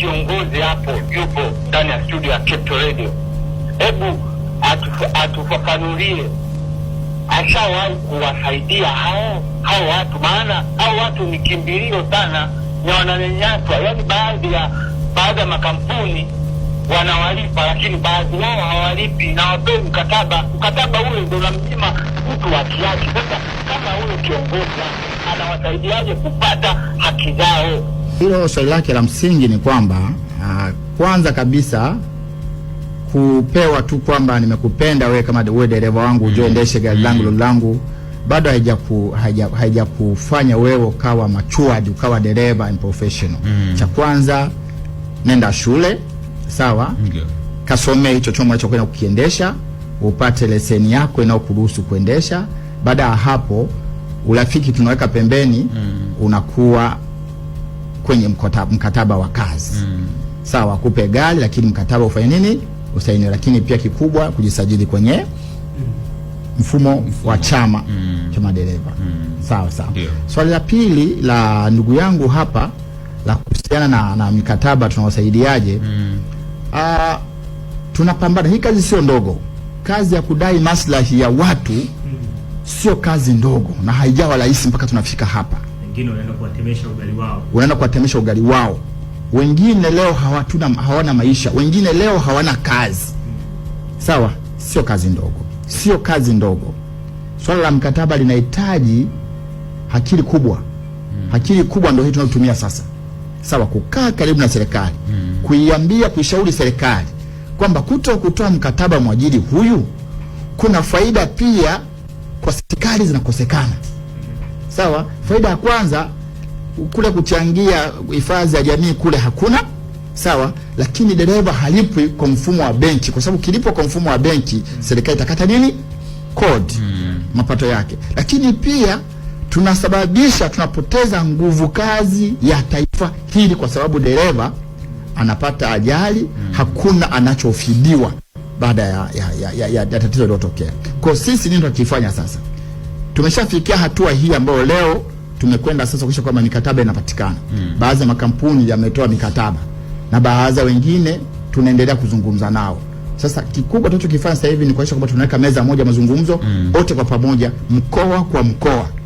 kiongozi hapo yupo ndani ya studio ya Keto Radio, hebu atufafanulie ashawahi kuwasaidia hao hao watu, maana hao watu ni kimbilio sana na wananyanyaswa. Yani baadhi ya baadhi ya makampuni wanawalipa, lakini baadhi yao hawalipi na wapei mkataba. Mkataba ule ndio unamnyima mtu haki yake. Sasa kama huyo kiongozi anawasaidiaje kupata haki zao? hilo swali lake la msingi ni kwamba uh, kwanza kabisa kupewa tu kwamba nimekupenda wewe kama wewe dereva wangu ujoendeshe mm-hmm. mm. langu mm-hmm. langu bado kufanya wewe ukawa matured ukawa dereva and professional mm. cha kwanza nenda shule sawa okay. kasomee hicho chombo unachokwenda kukiendesha upate leseni yako inayokuruhusu kuendesha baada ya hapo urafiki tunaweka pembeni mm. unakuwa kwenye mkataba, mkataba wa kazi mm. Sawa, kupe gari lakini mkataba ufanye nini? Usaini. Lakini pia kikubwa kujisajili kwenye mfumo, mfumo wa chama mm. cha madereva mm. sawa sawa. Swali so, la pili la ndugu yangu hapa la kuhusiana na, na mikataba tunawasaidiaje? mm. Ah, tunapambana. Hii kazi sio ndogo, kazi ya kudai maslahi ya watu mm. sio kazi ndogo na haijawa rahisi mpaka tunafika hapa wengine unaenda kuwatemesha ugali wao, unaenda kuwatemesha ugali wao. Wengine leo hawatuna hawana maisha, wengine leo hawana kazi hmm. Sawa, sio kazi ndogo, sio kazi ndogo. Swala la mkataba linahitaji akili kubwa hmm. Akili kubwa ndio hii tunayotumia sasa, sawa, kukaa karibu na serikali hmm. Kuiambia, kuishauri serikali kwamba kuto kutoa mkataba mwajiri huyu kuna faida pia kwa serikali zinakosekana. Sawa. Faida ya kwanza kule kuchangia hifadhi ya jamii kule hakuna sawa, lakini dereva halipwi kwa mfumo wa benki, kwa sababu kilipo kwa mfumo wa benki mm. serikali itakata nini kodi mm. mapato yake, lakini pia tunasababisha tunapoteza nguvu kazi ya taifa hili, kwa sababu dereva anapata ajali mm. hakuna anachofidiwa baada ya, ya, ya, ya, ya, ya tatizo lilotokea. Kwa sisi nini tunakifanya sasa? Tumeshafikia hatua hii ambayo leo tumekwenda sasa kuisha kwamba mikataba inapatikana mm. Baadhi ya makampuni yametoa mikataba na baadhi wengine tunaendelea kuzungumza nao. Sasa kikubwa tunachokifanya sasa hivi ni kuhakikisha kwamba tunaweka meza moja mazungumzo hmm. wote mm. kwa pamoja, mkoa kwa mkoa